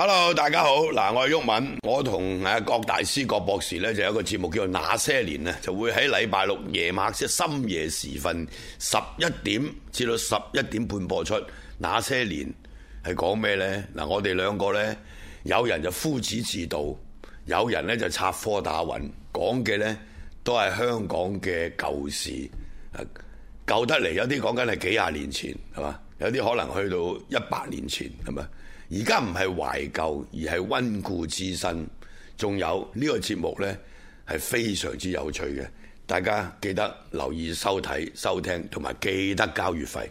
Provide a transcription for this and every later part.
hello，大家好，嗱，我係郁敏，我同誒郭大師、郭博士咧，就有一個節目叫做《那些年》咧，就會喺禮拜六夜晚即深夜時分十一點至到十一點半播出。那些年係講咩呢？嗱，我哋兩個呢，有人就夫子自道，有人呢就插科打諢，講嘅呢都係香港嘅舊事，舊得嚟，有啲講緊係幾廿年前，係嘛？有啲可能去到一百年前，係咪？而家唔係懷舊，而係溫故知新。仲有呢個節目咧，係非常之有趣嘅。大家記得留意收睇、收聽，同埋記得交月費。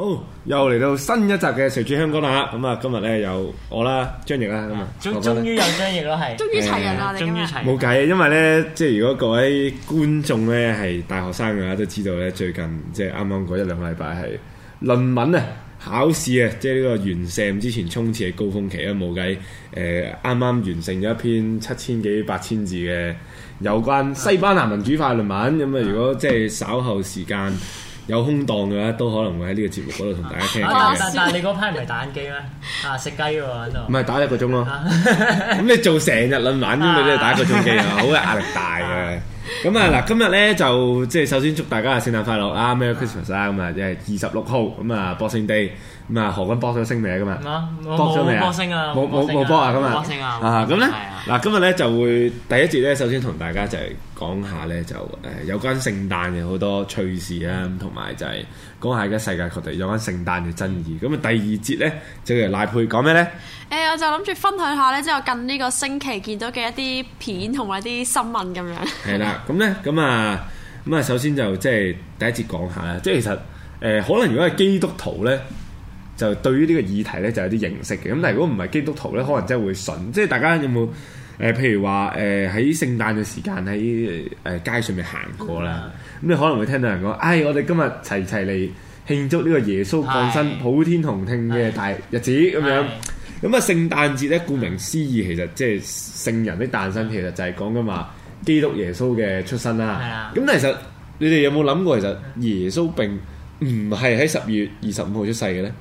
好、哦，又嚟到新一集嘅《隨住香港》啦，咁、嗯、啊，今日咧有我啦，張亦啦，咁啊、嗯，終終於有張亦啦，係，終於齊人啦，終於齊，冇計，因為咧，即係如果各位觀眾咧係大學生嘅話，都知道咧，最近即係啱啱過一兩個禮拜係論文啊、考試啊，即係呢個完剩之前衝刺嘅高峰期啦，冇計，誒、呃，啱啱完成咗一篇七千幾八千字嘅有關西班牙民主化論文，咁啊、嗯，嗯嗯、如果即係稍後時間。有空檔嘅咧，都可能會喺呢個節目嗰度同大家傾嘅。但但你嗰批唔係打緊機咩？啊，食雞喎喺度。唔係打一個鐘咯。咁你做成日輪玩，咁你都係打一個鐘機啊！好嘅壓力大嘅。咁啊，嗱，今日咧就即係首先祝大家聖誕快樂啊！Merry Christmas 啊，咁啊，即係二十六號咁啊，Boxing Day。唔啊，何君博咗星名噶嘛？博咗名，博星啊，博星啊，咁咧嗱，今日咧就會第一節咧，首先同大家就係講下咧，就誒有關聖誕嘅好多趣事啊，同埋就係講下而家世界各地有關聖誕嘅爭議。咁啊，第二節咧，就係賴珮講咩咧？誒，我就諗住分享下咧，即係近呢個星期見到嘅一啲片同埋啲新聞咁樣。係啦，咁咧咁啊咁啊，首先就即係第一節講下啦，即係其實誒，可能如果係基督徒咧。就對於呢個議題咧，就有啲認識嘅。咁，但係如果唔係基督徒咧，可能真係會信。即係大家有冇誒、呃？譬如話誒，喺、呃、聖誕嘅時間喺誒、呃、街上面行過啦，咁你、嗯嗯、可能會聽到人講：唉、哎，我哋今日齊齊嚟慶祝呢個耶穌降生是普天同慶嘅大日子咁是樣。咁啊是、嗯，聖誕節咧，顧名思義其實即係聖人的誕生，其實就係講緊話，基督耶穌嘅出生啦。咁的其實你哋有冇諗過，其實耶穌並唔係喺十二月二十五號出世嘅咧？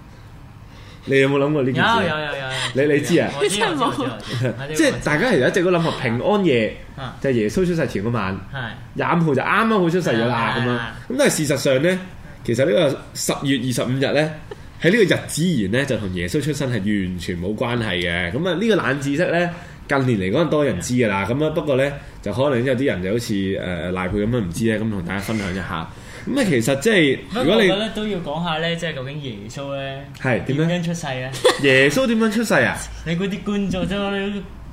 你有冇諗過呢件事？有有有你你知啊？即係大家其實一直都諗過平安夜就係耶穌出世前嗰晚。係。廿五號就啱啱好出世咗啦咁樣。咁但係事實上咧，其實呢個十月二十五日咧，喺呢個日子而言咧就同耶穌出生係完全冇關係嘅。咁啊呢個冷知識咧，近年嚟講多人知噶啦。咁啊不過咧就可能有啲人就好似誒賴佩咁樣唔知咧，咁同大家分享一下。咁啊，其實即係如果你覺得都要講下咧，即係究竟耶穌咧係點樣出世咧？ 耶穌點樣出世啊？ 你估啲觀眾都要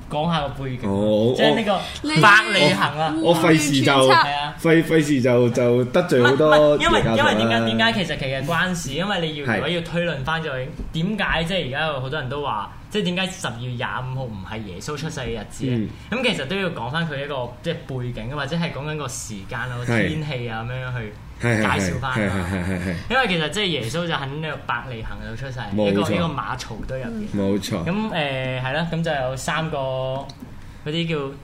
講下個背景，oh, 即係呢個百里行啊，我費事就，係啊！費費事就就得罪好多，因為因為點解點解其實其實關事？因為你要如果是要推論翻就點解即係而家好多人都話。即係點解十二月廿五號唔係耶穌出世嘅日子咧？咁其實都要講翻佢一個即係背景，或者係講緊個時間啊、天氣啊咁樣去介紹翻。係係係係因為其實即係耶穌就喺呢個百里行度出世，一個一個馬槽堆入邊。冇錯。咁誒係啦，咁就有三個嗰啲叫。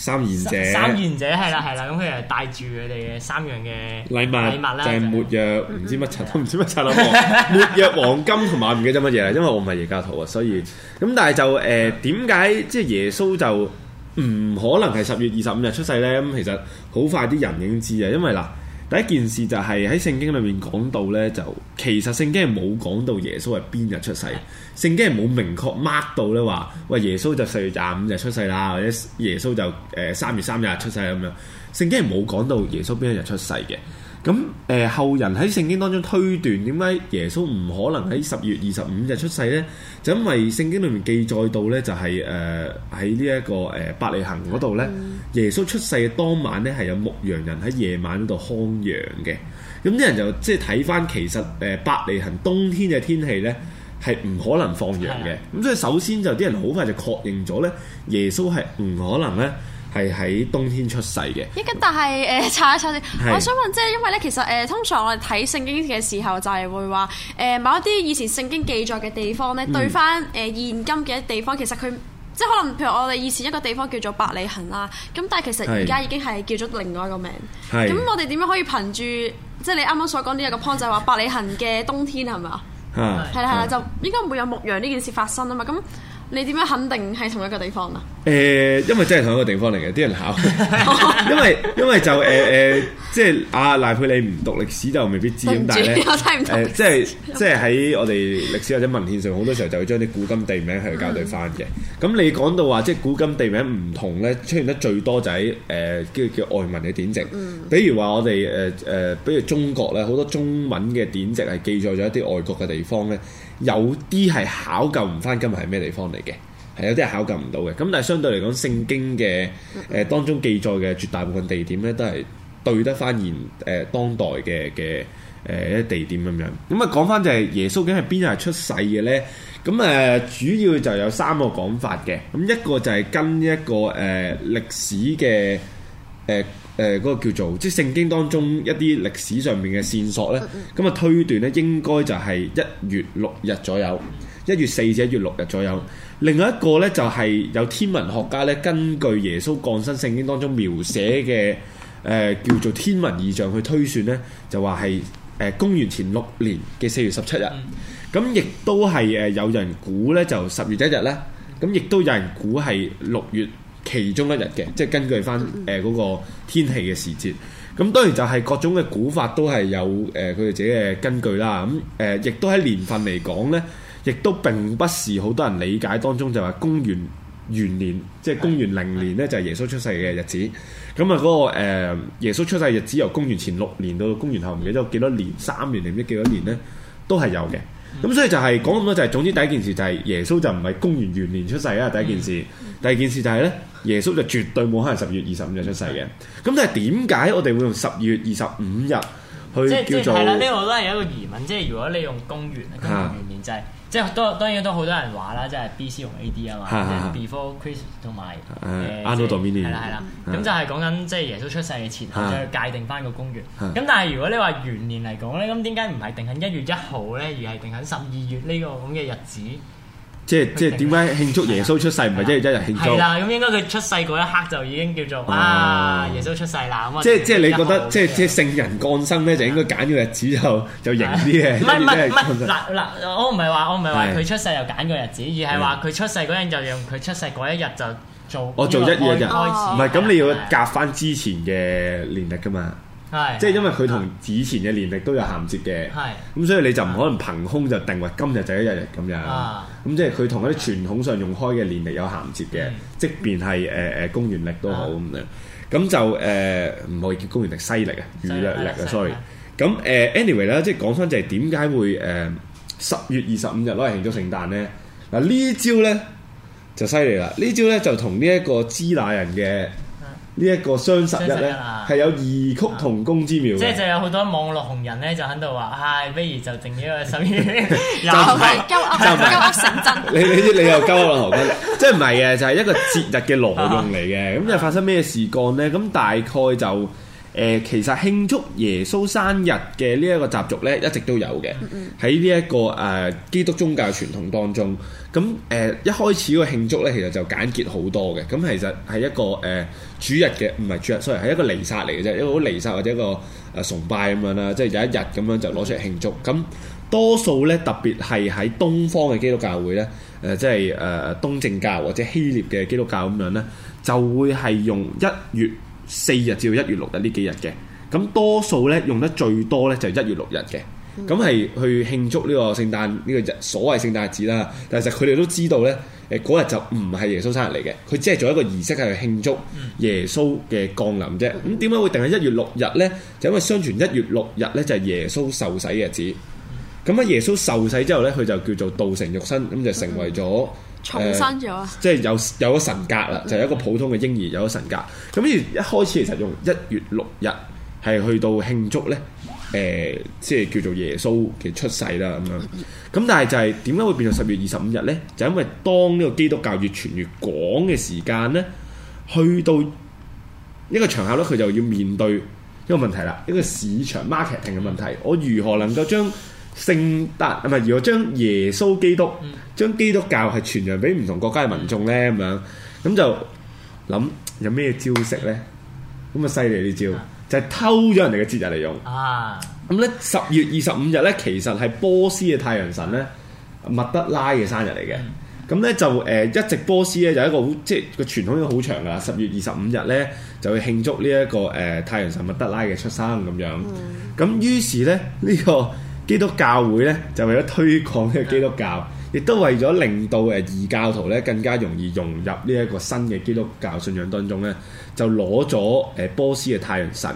三賢者，三賢者係啦係啦，咁佢哋帶住佢哋嘅三樣嘅禮物，禮物啦，就係沒藥，唔知乜柒 都唔知乜柒啦，沒藥 黃金同埋唔記得乜嘢啦，因為我唔係耶教徒啊，所以咁但係就誒點解即係耶穌就唔可能係十月二十五日出世咧？咁其實好快啲人已經知啊，因為嗱。第一件事就係喺聖經裏面講到咧，就其實聖經係冇講到耶穌係邊日出世，聖經係冇明確 mark 到咧話，喂，耶穌就四月廿五日出世啦，或者耶穌就誒三月三日出世咁樣，聖經係冇講到耶穌邊一日出世嘅。咁誒、呃、後人喺聖經當中推斷點解耶穌唔可能喺十二月二十五日出世呢？就因為聖經裡面記載到呢，就係誒喺呢一個誒、呃、伯利恒嗰度呢，耶穌出世嘅當晚呢，係有牧羊人喺夜晚度看羊嘅。咁啲人就即係睇翻其實誒伯利恒冬天嘅天氣呢，係唔可能放羊嘅。咁的所以首先就啲人好快就確認咗呢，耶穌係唔可能呢。係喺冬天出世嘅。依家但係誒，查、呃、一查先。是我想問，即係因為咧，其實誒、呃，通常我哋睇聖經嘅時候，就係、是、會話誒、呃，某一啲以前聖經記載嘅地方咧，嗯、對翻誒現今嘅地方，其實佢即係可能譬如我哋以前一個地方叫做伯利恆啦，咁但係其實而家已經係叫咗另外一個名。咁是我哋點樣可以憑住即係你啱啱所講呢一個 point 就係話、是、伯利恆嘅冬天係咪啊？係啦係啦，就應該唔會有牧羊呢件事發生啊嘛。咁。你點樣肯定係同一個地方啊？誒、呃，因為真係同一個地方嚟嘅，啲人考， 因為因為就誒誒、呃呃，即係阿、啊、賴珮你唔讀歷史就未必知咁，但係咧誒，即係 即係喺我哋歷史或者文獻上，好多時候就會將啲古今地名係校對翻嘅。咁、嗯、你講到話即係古今地名唔同咧，出現得最多就喺、呃、叫叫外文嘅典籍，嗯、比如話我哋誒誒，比如中國咧，好多中文嘅典籍係記載咗一啲外國嘅地方咧。有啲係考究唔翻今日係咩地方嚟嘅，係有啲係考究唔到嘅。咁但係相對嚟講，聖經嘅誒、呃、當中記載嘅絕大部分地點咧，都係對得翻現誒、呃、當代嘅嘅誒一啲地點咁樣。咁啊講翻就係耶穌究竟係邊日出世嘅咧？咁、嗯、誒、呃、主要就有三個講法嘅。咁、嗯、一個就係跟一個誒歷、呃、史嘅。誒誒嗰個叫做，即係聖經當中一啲歷史上面嘅線索咧，咁啊推斷咧應該就係一月六日左右，一月四至一月六日左右。另外一個咧就係有天文學家咧根據耶穌降生聖經當中描寫嘅誒叫做天文異象去推算咧，就話係誒公元前六年嘅四月十七日。咁亦都係誒有人估咧就十月一日啦，咁亦都有人估係六月，其中一日嘅，即係根據翻誒嗰個天氣嘅時節。咁當然就係各種嘅古法都係有誒佢哋自己嘅根據啦。咁誒亦都喺年份嚟講呢，亦都並不是好多人理解當中就話公元元年，即係公元零年呢，就係耶穌出世嘅日子。咁啊嗰個耶穌出世日子由公元前六年到公元後唔記得幾多年，三年定唔知幾多年呢，都係有嘅。咁、嗯、所以就係、是、講咁多就係、是、總之第一件事就係耶穌就唔係公元元年出世啊！第一件事，嗯、第二件事就係咧，耶穌就絕對冇可能十二月二十五日出世嘅。咁但係點解我哋會用十二月二十五日去？即係叫做？係啦，呢個都係一個疑問。即係如果你用公元公元元年制。嗯，就是即係都當然都好多人話啦，即係 B.C. 同 A.D. 啊嘛，即係 Before Christ 同埋嘅 Anno Domini。係啦係啦，咁就係講緊即係耶穌出世嘅前後，再 界定翻個公元。咁 但係如果你話元年嚟講咧，咁點解唔係定喺一月一號咧，而係定喺十二月呢個咁嘅日子？即係即係點解慶祝耶穌出世唔係一日一日慶祝？係啦，咁應該佢出世嗰一刻就已經叫做啊耶穌出世啦咁啊！即即係你覺得即即聖人降生咧，就應該揀個日子就就型啲嘅。唔係唔係唔係嗱嗱，我唔係話我唔係話佢出世又揀個日子，而係話佢出世嗰日就用佢出世嗰一日就做。我做一日日開始，唔係咁你要隔翻之前嘅年曆㗎嘛？即係因為佢同以前嘅年曆都有銜接嘅，咁所以你就唔可能憑空就定為今日就一日日咁樣。咁即係佢同一啲傳統上用開嘅年曆有銜接嘅，即便係誒誒公元曆都好咁樣。咁就誒唔可以叫公元曆，西曆啊，儒略曆。啊，sorry。咁誒，anyway 啦，即係講翻就係點解會誒十月二十五日攞嚟慶祝聖誕咧？嗱呢招咧就犀利啦！呢招咧就同呢一個支那人嘅呢一個雙十一咧。係有異曲同工之妙，啊，即係就是，有好多網絡紅人咧，就喺度話，唉，不如就定呢個十一月，就唔係，就唔係，你你啲你又鳩鶴頭，即係唔係嘅，就係一個節日嘅挪用嚟嘅，咁就、啊、發生咩事幹咧？咁大概就。誒，其實慶祝耶穌生日嘅呢一個習俗呢，一直都有嘅。喺呢一個誒、呃、基督宗教傳統當中，咁誒、呃、一開始嗰個慶祝呢，其實就簡潔好多嘅。咁其實係一個誒、呃、主日嘅，唔係主日，所以係一個彌撒嚟嘅啫，一個彌撒或者一個、呃、崇拜咁樣啦。即係有一日咁樣就攞出嚟慶祝。咁多數呢，特別係喺東方嘅基督教會呢，誒、呃、即係誒、呃、東正教或者希臘嘅基督教咁樣呢，就會係用一月。四日至到一月六日呢幾日嘅，咁多數咧用得最多咧就係一月六日嘅，咁係、mm hmm. 去慶祝呢個聖誕呢個日，所謂聖誕節啦。但係其實佢哋都知道咧，誒嗰日就唔係耶穌生日嚟嘅，佢只係做一個儀式係去慶祝耶穌嘅降臨啫。咁點解會定喺一月六日咧？就因為相傳一月六日咧就係耶穌受洗嘅日子。咁啊、mm，hmm. 耶穌受洗之後咧，佢就叫做道成肉身，咁就成為咗。重生咗啊！即係、呃就是、有有咗神格啦，就是、一個普通嘅嬰兒有咗神格。咁而一開始其實用一月六日係去到慶祝呢，誒、呃、即、就、係、是、叫做耶穌嘅出世啦咁樣。咁但係就係點解會變到十月二十五日呢？就是、因為當呢個基督教越傳越廣嘅時間呢，去到呢個場合咧，佢就要面對一個問題啦，一個市場 marketing 嘅問題。我如何能夠將？聖誕啊，唔係如果將耶穌基督、將、嗯、基督教係傳揚俾唔同國家嘅民眾咧，咁樣咁就諗有咩招式咧？咁啊犀利啲招就係偷咗人哋嘅節日嚟用。咁咧十月二十五日咧，其實係波斯嘅太陽神咧，密德拉嘅生日嚟嘅。咁咧、嗯、就誒、呃、一直波斯咧就是、一個好即係個傳統已經好長噶。十月二十五日咧就會慶祝呢、這、一個誒、呃、太陽神密德拉嘅出生咁樣。咁、嗯嗯、於是咧呢，是呢是、這個。基督教會咧就為咗推廣呢個基督教，亦都為咗令到誒異、呃、教徒咧更加容易融入呢一個新嘅基督教信仰當中咧，就攞咗誒波斯嘅太陽神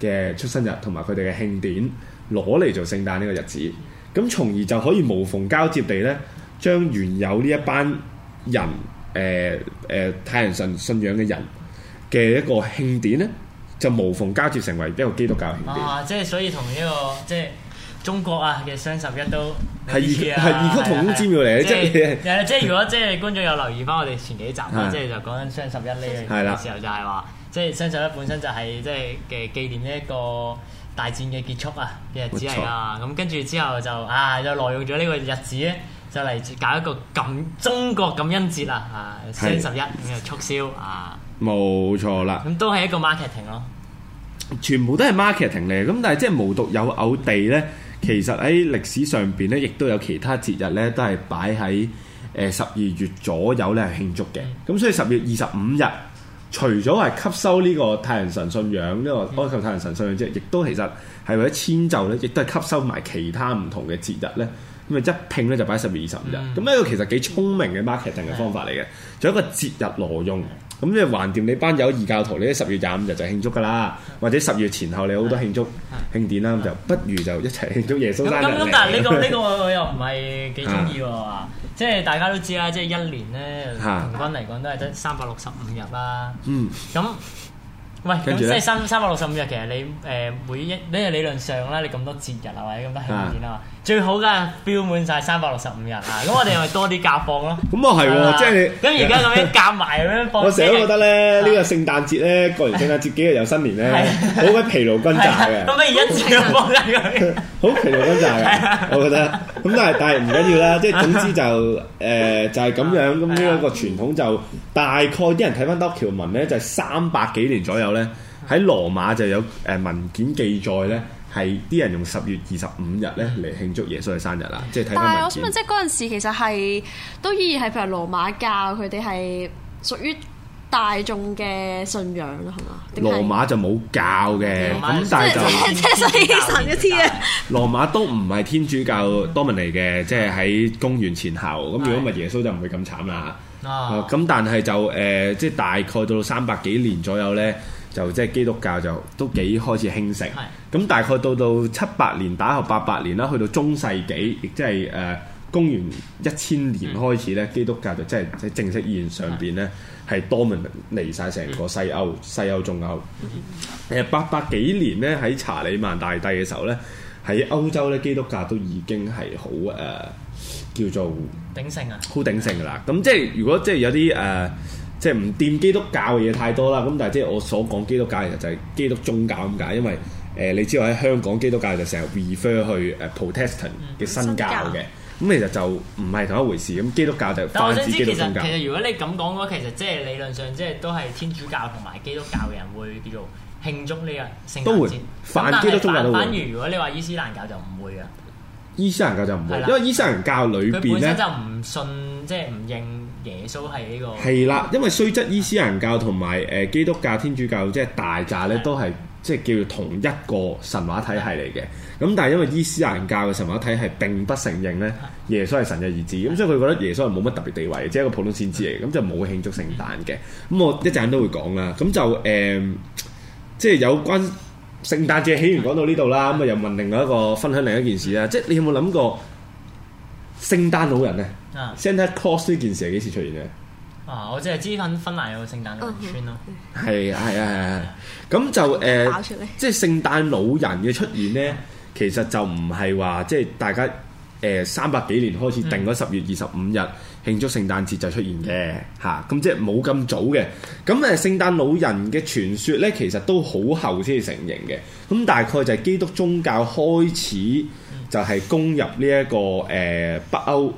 嘅出生日同埋佢哋嘅慶典攞嚟做聖誕呢個日子，咁從而就可以無縫交接地咧，將原有呢一班人誒誒、呃呃、太陽神信仰嘅人嘅一個慶典咧，就無縫交接成為一個基督教慶典啊！即係所以同呢、這個即係。中國啊嘅雙十一都係、啊、二,二曲，係異曲同工之妙嚟嘅，即係即係如果即係觀眾有留意返我哋前幾集啊，啊即係就講緊雙十一呢樣嘅時候就係就係，了就係話，即係雙十一本身就係、係、即係嘅紀念呢一個大戰嘅結束啊嘅日子啊。咁跟住之後就啊，又挪用咗呢個日子咧，就嚟搞一個感中國感恩節啦啊！雙、啊、十一咁嘅促銷啊，冇錯啦。咁、啊、都係一個 marketing 咯，全部都係 marketing 咧。咁但係即係無獨有偶地咧。其實喺歷史上邊咧，亦都有其他節日咧，都係擺喺誒十二月左右咧，係慶祝嘅。咁、嗯、所以十二月二十五日，除咗係吸收呢個太陽神信仰呢、呢個埃及太陽神信仰之外，亦都其實係為咗遷就咧，亦都係吸收埋其他唔同嘅節日咧。咁咪一拼咧就擺喺十二月二十五日。咁呢、嗯、個其實幾聰明嘅 marketing 嘅方法嚟嘅，仲、嗯嗯、有一個節日挪用。咁即係橫掂你班友異教徒，你喺十月廿五日就慶祝噶啦，或者十月前後你好多慶祝慶典啦，咁的就不如就一齊慶祝耶穌生日嚟。咁但係呢個呢個我又唔係幾中意喎，啊、即係大家都知啦，即係一年咧平均嚟講都係得三百六十五日啦、啊。嗯。咁喂，咁即係三三百六十五日其實你誒、呃、每一，你係理論上啦，你咁多節日啊，或者咁多慶典啊。啊最好嘅，標滿晒三百六十五日啊！咁我哋咪多啲假放咯。咁啊係喎，即係你咁而家咁樣夾埋咁樣放。我成日都覺得咧，呢個聖誕節咧，過完聖誕節幾日有新年咧，好鬼疲勞轟炸嘅。咁不如一次過啦，好疲勞轟炸嘅，我覺得。咁但係但係唔緊要啦，即係總之就誒就係咁樣。咁呢一個傳統就大概啲人睇翻多條文咧，就三百幾年左右咧，喺羅馬就有誒文件記載咧。係啲人用十月二十五日咧嚟慶祝耶穌嘅生日啦，即係睇但係我想問，即係嗰陣時其實係都依然係譬如羅馬教佢哋係屬於大眾嘅信仰咯，係嘛？羅馬就冇教嘅，咁但係即係是即係神一天啊！羅馬都唔係天主教多文嚟嘅，即係喺公元前後咁，如果唔係耶穌就唔會咁慘啦。咁、啊啊、但係就誒、呃，即係大概到三百幾年左右咧。就即係基督教就都幾開始興盛，咁是大概到到七百年打後八百年啦，去到中世紀，即係誒公元一千年開始咧，嗯、基督教就即係喺正式意義上邊咧係 dominate 曬成個西歐、嗯、西歐中歐。誒八百幾年咧喺查理曼大帝嘅時候咧，喺歐洲咧基督教都已經係好誒叫做鼎盛啊，好鼎盛噶啦。咁即係如果即係有啲誒。即係唔掂基督教嘅嘢太多啦，咁但係即係我所講基督教其實就係基督宗教咁解，因為誒、呃、你知道喺香港基督教就成日 refer 去誒 Protestant 嘅、嗯、新教嘅教，咁、嗯、其實就唔係同一回事。咁基督教就，但係我想知其實其實，其實如果你咁講嘅話，其實即係理論上即係都係天主教同埋基督教嘅人會叫做慶祝呢個聖誕節，都會，反基督宗教。反而如，如果你話伊斯蘭教就唔會啊，伊斯蘭教就唔會，因為伊斯蘭教裏邊咧就唔信即係唔認。耶穌係呢個係啦， 因為雖則伊斯蘭教同埋誒基督教、天主教即係大扎咧，都係即係叫同一個神話體系嚟嘅。咁但係因為伊斯蘭教嘅神話體系並不承認咧耶穌係神嘅兒子，咁所以佢覺得耶穌係冇乜特別地位，即係一個普通先知嚟嘅，咁就冇慶祝聖誕嘅。咁 我一陣都會講啦。咁就誒，即、嗯、係、就是、有關聖誕節起源講到呢度啦。咁啊，又問另外一個，分享另一件事啊，即係你有冇諗過聖誕老人咧？啊！聖誕 cross 呢件事係幾時出現嘅？啊，我就係知份芬蘭有個聖誕老人村咯。係、嗯嗯嗯嗯、啊，係啊，係啊 就，咁就誒，即係聖誕老人嘅出現咧，嗯、其實就唔係話即係大家誒、呃、三百幾年開始定咗十月二十五日慶祝聖誕節就出現嘅嚇，咁、嗯啊、即係冇咁早嘅。咁誒，聖誕老人嘅傳說咧，其實都好後先至成型嘅。咁大概就係基督宗教開始就係攻入呢一個誒北歐。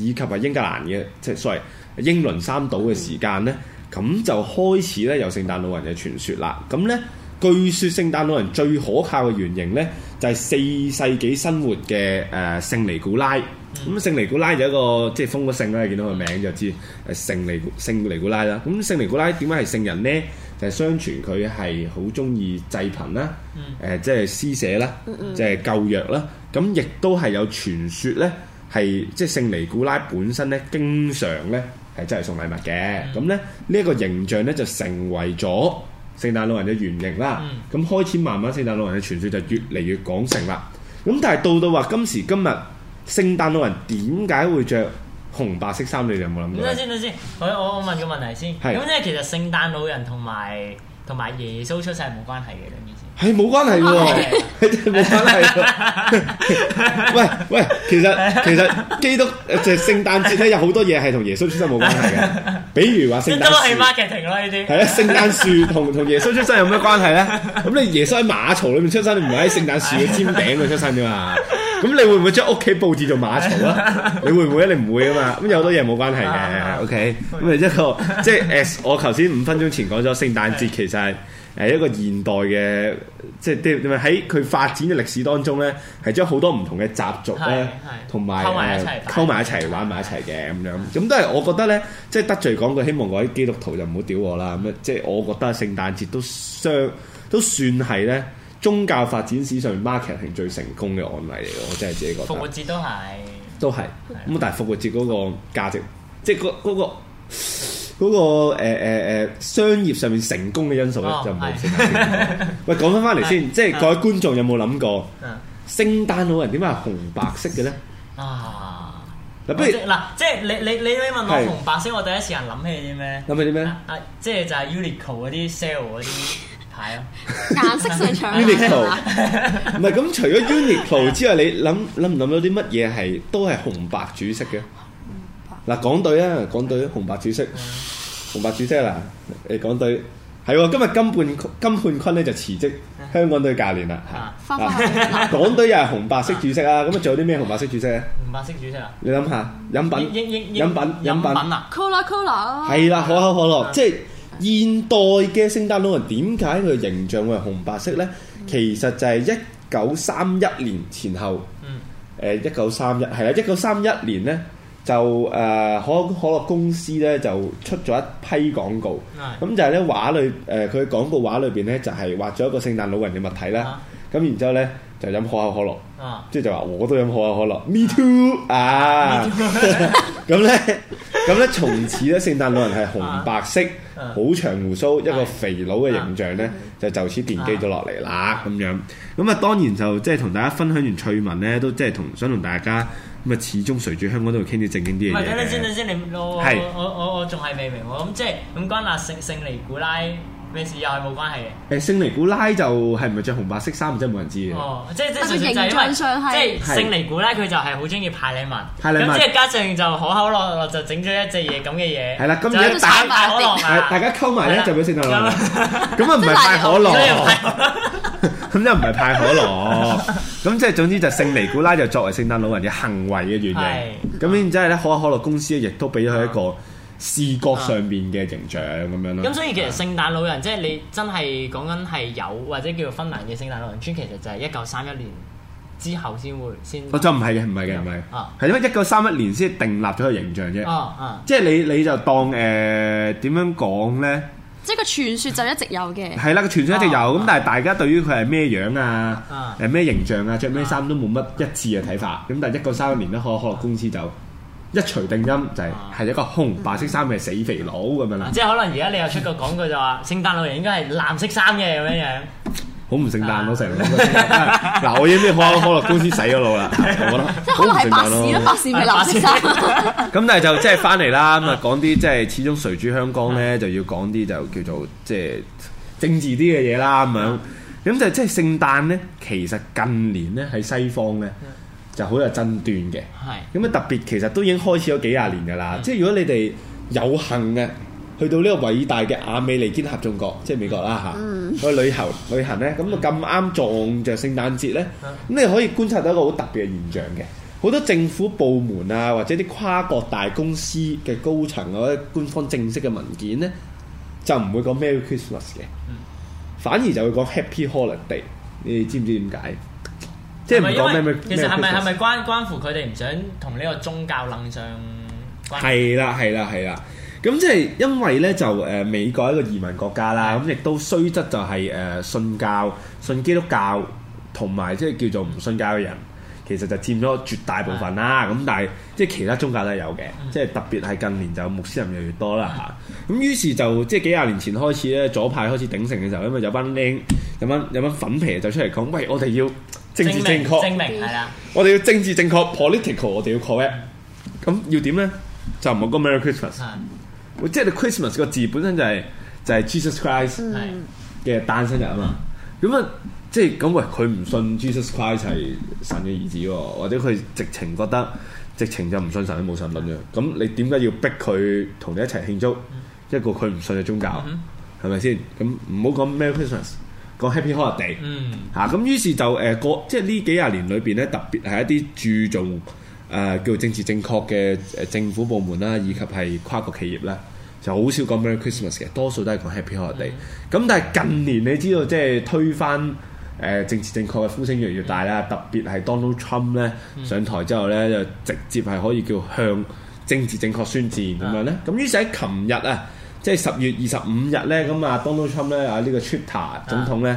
以及啊英格蘭嘅即係所謂英倫三島嘅時間咧，咁、嗯、就開始咧有聖誕老人嘅傳說啦。咁咧，據說聖誕老人最可靠嘅原型咧，就係、是、四世紀生活嘅誒、呃、聖尼古拉。咁、嗯、聖尼古拉就一個即係封咗聖啦，你見到個名就知聖尼聖尼古拉啦。咁、嗯、聖尼古拉點解係聖人咧？就係、是、相傳佢係好中意濟貧啦，誒即係施捨啦，即、就、係、是、救弱啦。咁亦都係有傳說咧。係即係聖尼古拉本身咧，經常咧係真係送禮物嘅。咁咧、嗯、呢一、這個形象咧就成為咗聖誕老人嘅原型啦。咁、嗯、開始慢慢聖誕老人嘅傳說就越嚟越廣盛啦。咁但係到到話今時今日，聖誕老人點解會着紅白色衫？你哋有冇諗到？等下先，等下先。我我我問個問題先。咁即係其實聖誕老人同埋同埋耶穌出世冇關係嘅，你明唔係冇關係嘅，係冇關係嘅。喂喂，其實其實基督就聖誕節咧有好多嘢係同耶穌出生冇關係嘅，比如話聖誕樹 marketing 啦呢啲。係啦，聖誕樹同同耶穌出生有咩關係咧？咁你耶穌喺馬槽裏面出生，你唔會喺聖誕樹嘅尖頂度出生噶嘛？咁你會唔會將屋企布置做馬槽啊？你會唔會啊？你唔會啊嘛？咁有好多嘢冇關係嘅。OK，咁啊一個即係，我頭先五分鐘前講咗聖誕節其實係。係一個現代嘅，即係啲喺佢發展嘅歷史當中咧，係將好多唔同嘅習俗咧，同埋溝埋一齊，溝埋一齊玩埋一齊嘅咁樣。咁是的 都係，我覺得咧，即係得罪講句，希望我啲基督徒就唔好屌我啦，咁即係我覺得聖誕節都相都算係咧宗教發展史上 marketing 最成功嘅案例嚟咯。我真係自己覺得。復活節都係，都係是。咁的但係復活節嗰個價值，即係嗰嗰個。那個那個那個嗰個誒誒商業上面成功嘅因素咧就唔好意思。喂，講翻翻嚟先，即係各位觀眾有冇諗過？聖誕老人點解紅白色嘅咧？啊！嗱，不如嗱，即係你你你你問我紅白色，我第一時間諗起啲咩？諗起啲咩？啊，即係就係 Uniqlo 嗰啲 sale 嗰啲牌咯，顏色上搶。Uniqlo 唔係咁，除咗 Uniqlo 之外，你諗諗唔諗到啲乜嘢係都係紅白主色嘅？嗱，港隊啊，港隊紅白主色，紅白主色啦。誒，港隊係今日金判金判坤咧就辭職，香港隊教練啦。港隊又係紅白色主色啊，咁啊仲有啲咩紅白色主色啊？紅白色主色啊？你諗下飲品，飲品，飲品啊，Cola，Cola 啊，係啦，可口可樂。即係現代嘅聖誕老人，點解佢形象會係紅白色咧？其實就係一九三一年前後，誒一九三一係啦，一九三一年咧。就誒、呃、可可樂公司咧就出咗一批廣告，咁、 嗯、就係、是、咧畫裏誒佢廣告畫裏邊咧就係畫咗一個聖誕老人嘅物體啦，咁、啊、然之後咧就飲可口可樂，即係、啊、就話我都飲可口可樂，Me too 啊！咁咧咁咧，從此咧聖誕老人係紅白色、好、啊、長鬍鬚、一個肥佬嘅形象咧，就就此奠基咗落嚟啦咁樣。咁啊當然就即係同大家分享完趣聞咧，都即係同想同大家。咁啊，始終隨住香港都會傾啲正經啲嘢。唔係，等陣先，等陣先，你我我我我仲係未明喎。咁即係咁關阿聖聖尼古拉咩事？又係冇關係嘅。誒，聖尼古拉就係唔係着紅白色衫，真係冇人知哦，即係即係，佢即係聖尼古拉佢就係好中意派禮物。派禮物，咁再加上就可口可樂就整咗一隻嘢咁嘅嘢。係啦，今日打可樂，大家溝埋啦，就俾聖可樂。咁啊，唔係派可樂。咁又唔係派可樂，咁即係總之就聖尼古拉就作為聖誕老人嘅行為嘅原型，咁然之後咧可口可樂公司亦都俾咗佢一個視覺上面嘅形象咁、啊、樣啦。咁所以其實聖誕老人即係是的 你真係講緊係有或者叫做芬蘭嘅聖誕老人村，其實就係一九三一年之後先會先。哦，就唔係嘅，唔係嘅，唔係。啊，係因為一九三一年先定立咗個形象啫。啊啊啊、即係你你就當誒點、呃、樣講咧？呢個傳說就一直有嘅。係啦，個 傳說一直有，咁、哦、但係大家對於佢係咩樣啊，係咩、嗯、形象啊，着咩衫都冇乜一致嘅睇法。咁但係一九三一年咧，可口可樂公司就一錘定音，就係係一個紅白色衫嘅、嗯、死肥佬咁樣啦。即係可能而家你又出個講句就話， 聖誕老人應該係藍色衫嘅咁樣樣。好唔聖誕咯，成日嗱，我已經啲可口可樂公司洗咗腦啦，我覺得。即係好唔聖誕咯。咁、啊、 但係就即係翻嚟啦，咁啊講啲即係始終隨住香港咧，就要講啲就叫做即係政治啲嘅嘢啦，咁的樣。咁就即、是、係聖誕咧，其實近年咧喺西方咧就好有爭端嘅。係的。咁啊特別，其實都已經開始咗幾廿年㗎啦。的即係如果你哋有幸嘅。去到呢個偉大嘅亞美利堅合眾國，即係美國啦嚇。去旅遊旅行咧，咁啊咁啱撞著聖誕節咧，咁你可以觀察到一個好特別嘅現象嘅。好多政府部門啊，或者啲跨國大公司嘅高層或者官方正式嘅文件咧，就唔會講 Merry Christmas 嘅，反而就會講 Happy Holiday。你知唔知點解？即係唔講咩咩咩。其實係咪係咪關關乎佢哋唔想同呢個宗教冷上關係？係啦係啦係啦。咁即係因為咧就誒美國一個移民國家啦，咁亦都雖則就係誒信教、信基督教同埋即係叫做唔信教嘅人，其實就佔咗絕大部分啦。咁、嗯、但係即係其他宗教都有嘅，即係、嗯、特別係近年就穆斯林越嚟越多啦嚇。咁、嗯、於是就即係幾廿年前開始咧，左派開始鼎盛嘅時候，因為有班靚有班有班粉皮就出嚟講，喂，我哋要政治正確，證明係啦，我哋要政治正確 （political），我哋要 correct。咁要點咧？就唔冇個 Merry Christmas。即係 Christmas 個字本身就係、是、就係、是、Jesus Christ 嘅誕生日啊嘛，咁啊、嗯、吧即係咁喂佢唔信 Jesus Christ 係神嘅兒子喎，或者佢直情覺得直情就唔信神冇神論嘅，咁你點解要逼佢同你一齊慶祝一個佢唔信嘅宗教係咪先？咁唔好講 Merry Christmas，講 Happy Holiday 嚇咁、嗯，啊、於是就誒個、呃、即係呢幾廿年裏邊咧，特別係一啲注重。誒叫政治正確嘅誒政府部門啦，以及係跨國企業啦，就好少講 Merry Christmas 嘅，多數都係講 Happy Holiday。咁、嗯、但係近年你知道，即係推翻誒政治正確嘅呼聲越嚟越大啦，特別係 Donald Trump 咧上台之後咧，就直接係可以叫向政治正確宣戰咁樣咧。咁於是喺琴、就是、日啊，即係十月二十五日咧，咁啊 Donald Trump 咧啊呢、呢個 Twitter 總統咧。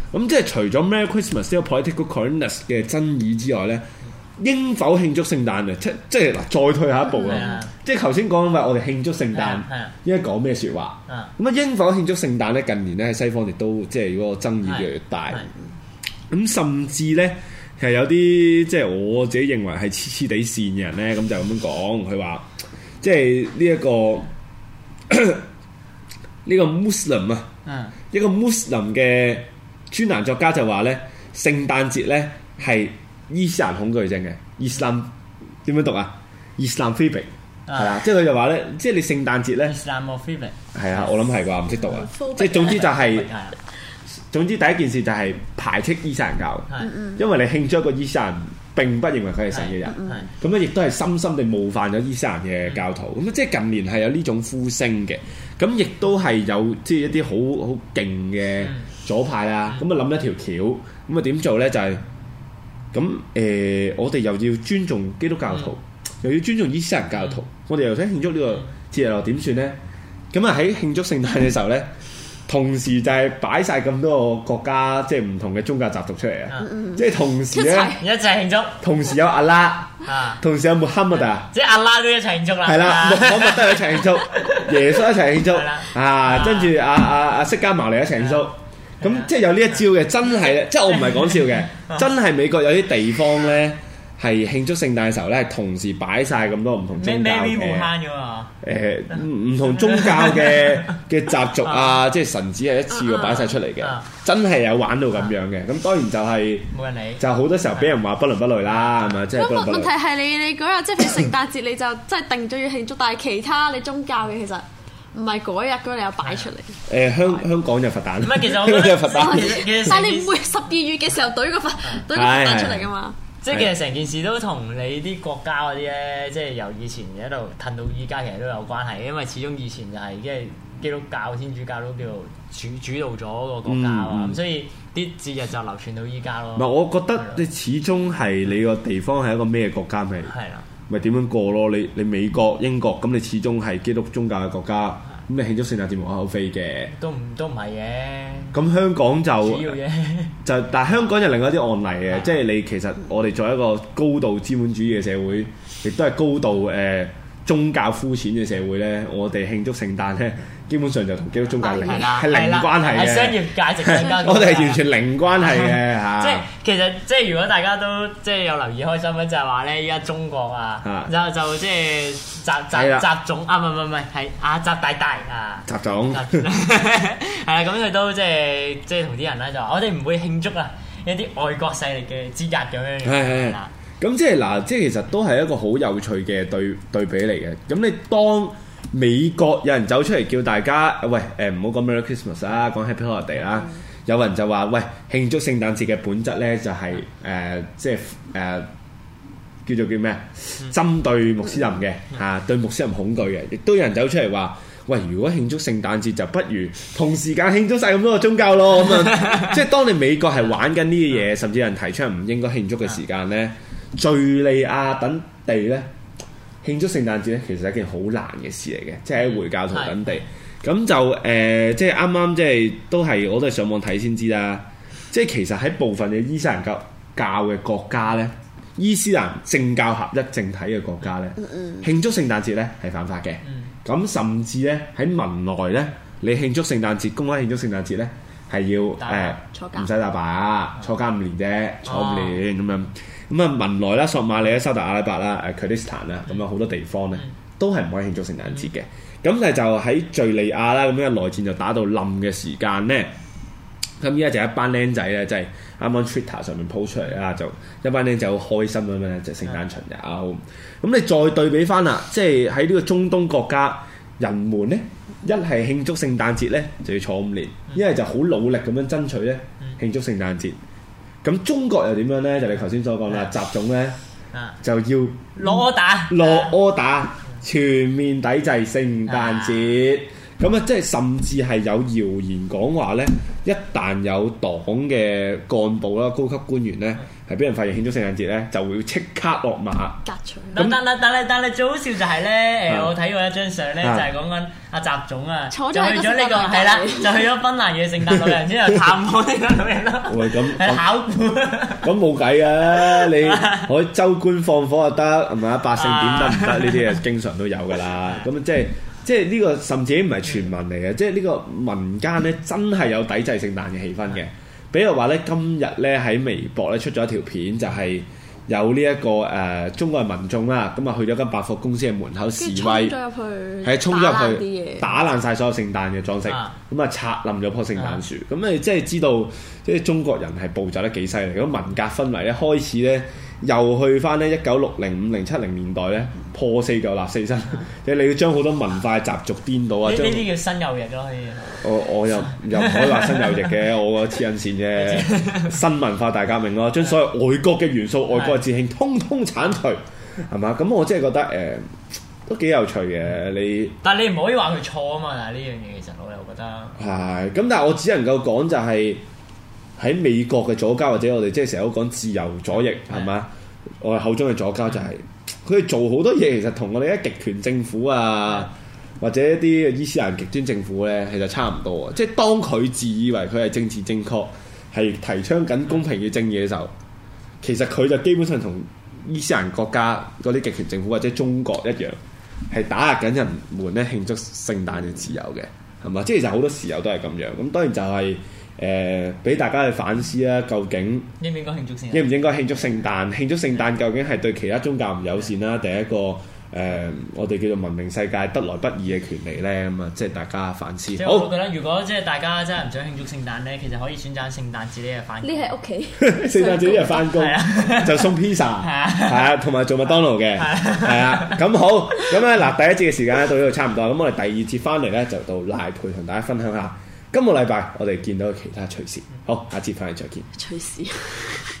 咁即係除咗 Merry Christmas 呢個 political correctness 嘅爭議之外咧，應否慶祝聖誕嘅？即即係嗱，再退下一步啦。即係頭先講話我哋慶祝聖誕，應該講咩説話？咁啊，應否慶祝聖誕咧？近年咧喺西方亦都即係嗰個爭議越嚟越大。咁甚至咧係有啲即係我自己認為係黐黐地線嘅人咧，咁就咁樣講，佢話即係呢一個呢個 Muslim 啊，一個 Muslim 嘅。專欄作家就話咧：聖誕節咧係伊斯蘭恐懼症嘅，伊斯蘭點樣讀啊？伊斯蘭菲比係啊，即係佢就話咧，即係你聖誕節咧，伊斯蘭莫菲比係啊，我諗係啩，唔識讀啊。Mm hmm. 即係總之就係、是，mm hmm. 總之第一件事就係排斥伊斯蘭教，mm hmm. 因為你慶祝一個伊斯蘭並不認為佢係神嘅人，咁咧亦都係深深地冒犯咗伊斯蘭嘅教徒。咁即係近年係有呢種呼聲嘅，咁亦都係有即係一啲好好勁嘅。Mm hmm. 左派啦，咁啊諗一條橋，咁啊點做咧？就係咁誒，我哋又要尊重基督教徒，又要尊重伊斯蘭教徒，我哋又想慶祝呢個節日，又點算咧？咁啊喺慶祝聖誕嘅時候咧，同時就係擺晒咁多個國家，即係唔同嘅宗教習俗出嚟啊！即係同時咧，一齊慶祝，同時有阿拉，啊，同時有穆罕默德，即係阿拉都一齊慶祝啦，係啦，穆罕默德都一齊慶祝，耶穌一齊慶祝，啊，跟住阿阿阿釋迦牟尼一齊慶祝。咁即係有呢一招嘅，真係即係我唔係講笑嘅，真係美國有啲地方咧係慶祝聖誕嘅時候咧，同時擺晒咁多唔同、呃、同宗教嘅，誒唔同宗教嘅嘅習俗 啊，即係神子係一次過擺晒出嚟嘅，啊啊、真係有玩到咁樣嘅。咁當然就係、是、冇人理，就好多時候俾人話不倫不類啦，係咪、嗯？即係問題係你你嗰日即係聖誕節你就即係定咗要慶祝， 但係其他你宗教嘅其實。唔係嗰日佢有擺出嚟，誒香 香港就佛誕，唔係其實我覺得， 實 但係你唔會十二月嘅時候懟個佛懟個佛誕出嚟噶嘛？即係 其實成件事都同你啲國家嗰啲咧，即、就、係、是、由以前一度褪到依家，其實都有關係，因為始終以前就係即係基督教、天主教都叫做主主導咗個國家啊，咁、嗯、所以啲節日就流傳到依家咯。唔係、嗯，我覺得你始終係你個地方係一個咩國家嚟？係啊。咪點樣過咯？你你美國、英國咁，你始終係基督宗教嘅國家，咁、啊、你慶祝聖誕節無可厚非嘅。都唔都唔係嘅。咁香港就要 就但香港有另外啲案例嘅，啊、即係你其實我哋作為一個高度資本主義嘅社會，亦都係高度誒、呃、宗教膚淺嘅社會呢，我哋慶祝聖誕呢。基本上就同基督教界係零係零關係嘅，我哋係完全零關係嘅嚇。即係其實即係如果大家都即係有留意開新聞，就係話咧，依家中國啊，就就即係習習習總啊，唔係唔係係啊習大大啊習總係啦，咁佢都即係即係同啲人咧就話，我哋唔會慶祝啊一啲外國勢力嘅資格咁樣嘅。係係，咁即係嗱，即係其實都係一個好有趣嘅對對比嚟嘅。咁你當美國有人走出嚟叫大家，喂，誒、呃、唔好講 Merry Christmas 啊，講 Happy Holiday 啦。嗯、有人就話，喂，慶祝聖誕節嘅本質呢，就係、是、誒、呃，即係誒、呃，叫做叫咩啊？針對穆斯林嘅嚇、啊，對穆斯林恐懼嘅，亦都有人走出嚟話，喂，如果慶祝聖誕節就不如同時間慶祝晒咁多個宗教咯。咁啊， 即係當你美國係玩緊呢啲嘢，甚至有人提出唔應該慶祝嘅時間呢，敍利亞等地呢。慶祝聖誕節咧，其實係一件好難嘅事嚟嘅，即係喺回教徒等地，咁、嗯、就誒，即係啱啱即係都係我都係上網睇先知啦。即、就、係、是、其實喺部分嘅伊斯蘭教教嘅國家咧，伊斯蘭政教合一政體嘅國家咧，嗯嗯、慶祝聖誕節咧係犯法嘅。咁、嗯、甚至咧喺文萊咧，你慶祝聖誕節、公開慶祝聖誕節咧，係要誒唔使打靶坐監五年啫，坐五年咁樣。啊啊啊咁啊，文萊啦、索馬里啦、沙特阿拉伯啦、阿克里斯坦啦，咁啊好多地方咧，的都係唔可以慶祝聖誕節嘅。咁的但係就喺敘利亞啦，咁樣內戰就打到冧嘅時間咧。咁依家就一班僆仔咧，就係、是、啱啱 Twitter 上面 post 出嚟啦，就一班僆仔好開心咁樣就是、聖誕巡遊。咁的你再對比翻啦，即係喺呢個中東國家，人們咧一係慶祝聖誕節咧就要坐五年，一係的就好努力咁樣爭取咧慶祝聖誕，聖誕節。的咁中國又點樣呢？就你頭先所講啦，習 Yeah. 總呢，Yeah. 就要攞打，r 攞 order 全面抵制聖誕節。咁啊，即係甚至係有謠言講話呢，一旦有黨嘅幹部啦、高級官員呢，Yeah. 係俾人發現慶祝聖誕節咧，就會即刻落馬。咁但但但但但最好笑就係咧，誒我睇過一張相咧，就係講緊阿習總啊，就去咗呢個係啦，就去咗芬蘭嘅聖誕老人之後跑火呢咁嘢啦。喂，咁，係考古咁冇計啊！你我州官放火又得係咪？百姓點得唔得呢啲啊，經常都有噶啦。咁即係即係呢個甚至唔係傳聞嚟嘅，即係呢個民間咧真係有抵制聖誕嘅氣氛嘅。比如話咧，今日咧喺微博咧出咗一條片，就係、是、有呢、這、一個誒、呃、中國嘅民眾啦，咁啊去咗間百貨公司嘅門口示威，係衝咗入去，打爛啲嘢，打爛曬所有聖誕嘅裝飾，咁啊就拆冧咗棵聖誕樹，咁、啊、你即係知道即係中國人係暴走得幾犀利，咁文革氛圍一開始咧。又去翻咧一九六零五零七零年代咧破四舊立四新，即 係你要將好多文化習俗顛倒啊！呢啲些將叫新右翼咯， 可以。我我又又唔可以話新右翼嘅，我個黐撚線啫。 新文化大革命咯，將所有外國嘅元素、 外國嘅節慶通通剷除，係嘛？咁我真係覺得誒、呃、都幾有趣嘅。你但係你唔可以話佢錯啊嘛！但係呢樣嘢其實我又覺得係咁， 但係我只能夠講就係、是。喺美國嘅左膠，或者我哋即係成日都講自由左翼，係嘛？ 我哋口中嘅左膠就係佢哋做好多嘢，其實同我哋一極權政府啊，或者一啲伊斯蘭極端政府呢，其實差唔多啊！即係當佢自以為佢係政治正確，係提倡緊公平嘅正義嘅時候，其實佢就基本上同伊斯蘭國家嗰啲極權政府或者中國一樣，係打壓緊人們呢慶祝聖誕嘅自由嘅，係嘛？即係其實好多時候都係咁樣。咁當然就係、是。誒，俾大家去反思啊！究竟應唔應該慶祝聖誕？應唔應該慶祝聖誕？慶祝聖誕究竟係對其他宗教唔友善啦，第一個誒，我哋叫做文明世界得來不易嘅權利咧？咁啊，即係大家反思。好，我覺得如果即係大家真係唔想慶祝聖誕咧，其實可以選擇聖誕節呢日翻。你喺屋企，聖誕節呢日翻工，就送披薩，係啊，同埋做麥當勞嘅，係啊，咁好。咁啊，嗱，第一節嘅時間咧到呢度差唔多，咁我哋第二節翻嚟咧就到賴珮同大家分享下。今個禮拜我哋見到其他趣事，嗯、好，下次翻嚟再見。趣事隨時。